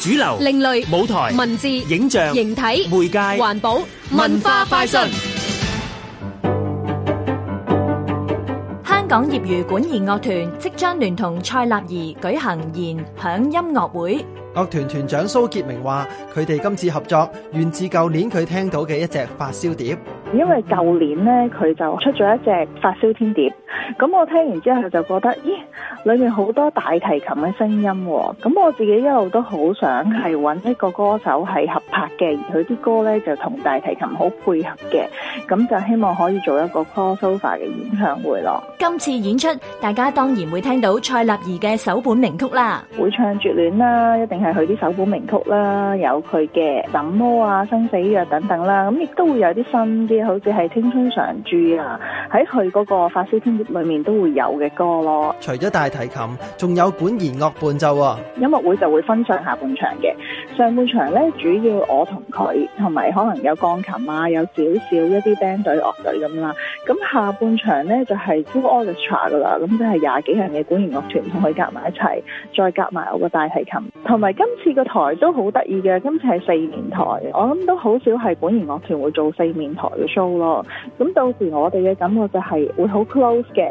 主流、另類舞台、文字、影像、形體、媒介、環保、文化快訊。香港業餘管弦樂團即將聯同蔡立儀舉行弦響音樂會。樂團團長蘇杰明話：佢哋今次合作源自舊年佢聽到嘅一隻發燒碟，因為舊年咧佢就出咗一隻發燒天碟，咁我聽完之後就覺得咦，裏面好多大提琴嘅聲音，咁我自己一路都好想係揾一個歌手係合拍嘅，佢啲歌咧就同大提琴好配合嘅，咁就希望可以做一個 crossover 嘅演唱會咯。今次演出，大家當然會聽到蔡立儀嘅首本名曲啦，會唱絕戀啦，一定係。佢啲首本名曲啦，有佢嘅《怎麼啊生死約》等等啦，咁亦都會有啲新啲，好似係《青春常駐》啊，喺佢嗰個發燒天碟裏面都會有嘅歌咯。除咗大提琴，仲有管弦樂伴奏啊，音樂會就會分上下半場嘅。上半場咧，主要我同佢，同埋可能有鋼琴啊，有少少一啲 band 隊樂隊咁啦。咁下半場咧就係、是、full orchestra 噶啦，咁即係廿幾人嘅管弦樂團同佢夾埋一齊，再夾埋我個大提琴。同埋今次個台都好得意嘅，今次係四面台，我諗都好少係管弦樂團會做四面台嘅 show 咯。咁到時我哋嘅感覺就係會好 close 嘅。